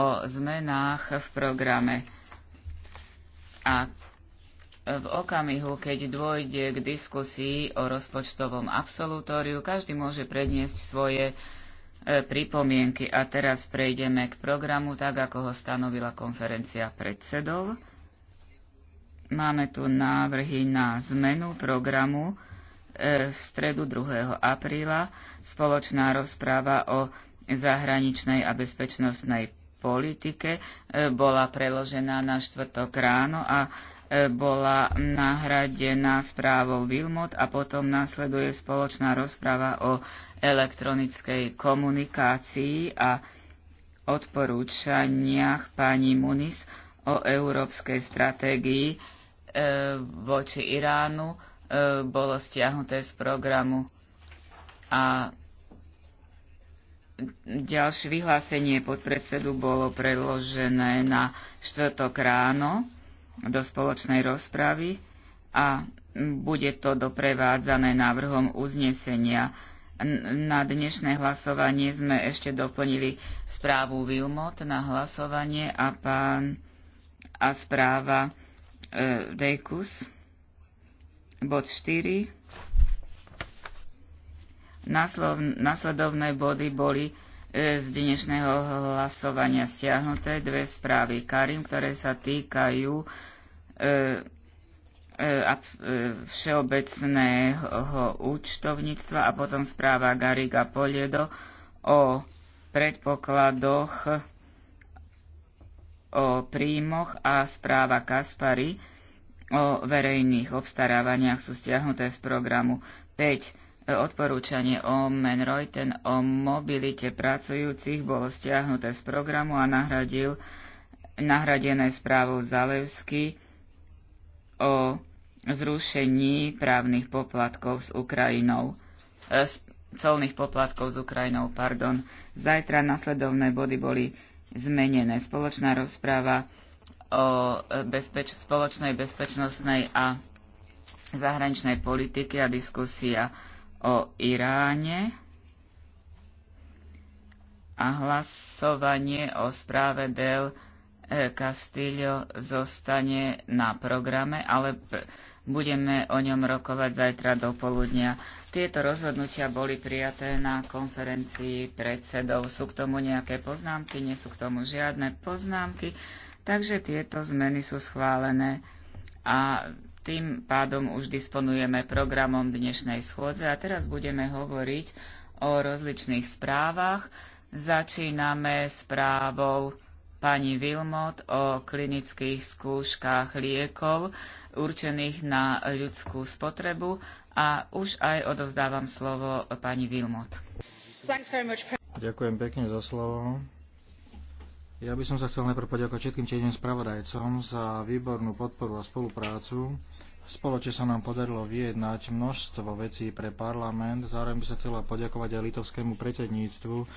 o zmenách v programe. A v okamihu, keď dôjde k diskusii o rozpočtovom absolutóriu, každý môže predniesť svoje e, pripomienky. A teraz prejdeme k programu, tak ako ho stanovila konferencia predsedov. Máme tu návrhy na zmenu programu e, v stredu 2. apríla spoločná rozpráva o zahraničnej a bezpečnostnej politike e, bola preložená na štvrtok ráno a e, bola nahradená správou Wilmot a potom následuje spoločná rozprava o elektronickej komunikácii a odporúčaniach pani Munis o európskej stratégii e, voči Iránu bolo stiahnuté z programu a Ďalšie vyhlásenie podpredsedu bolo predložené na štvrtok ráno do spoločnej rozpravy a bude to doprevádzané návrhom uznesenia. Na dnešné hlasovanie sme ešte doplnili správu Vilmot na hlasovanie a, pán, a správa e, Dejkus. Bod 4 Nasledovné body boli e, z dnešného hlasovania stiahnuté dve správy Karim, ktoré sa týkajú e, e, všeobecného účtovníctva a potom správa Gariga Poliedo o predpokladoch o príjmoch a správa Kaspary o verejných obstarávaniach sú stiahnuté z programu 5. Odporúčanie o Reuten o mobilite pracujúcich bolo stiahnuté z programu a nahradil, nahradené správou Zalevsky o zrušení právnych poplatkov s Ukrajinou. E, s colných poplatkov s Ukrajinou, pardon. Zajtra nasledovné body boli zmenené. Spoločná rozpráva o e, bezpeč- spoločnej bezpečnostnej a zahraničnej politike a diskusia o Iráne a hlasovanie o správe Del e, Castillo zostane na programe, ale budeme o ňom rokovať zajtra do poludnia. Tieto rozhodnutia boli prijaté na konferencii predsedov. Sú k tomu nejaké poznámky? Nie sú k tomu žiadne poznámky, takže tieto zmeny sú schválené. A tým pádom už disponujeme programom dnešnej schôdze a teraz budeme hovoriť o rozličných správach. Začíname správou pani Vilmot o klinických skúškach liekov určených na ľudskú spotrebu a už aj odovzdávam slovo pani Wilmot. Ďakujem pekne za slovo. Ja by som sa chcel najprv poďakovať všetkým tieňom spravodajcom za výbornú podporu a spoluprácu. Spoločne sa nám podarilo vyjednať množstvo vecí pre parlament. Zároveň by sa chcela poďakovať aj litovskému predsedníctvu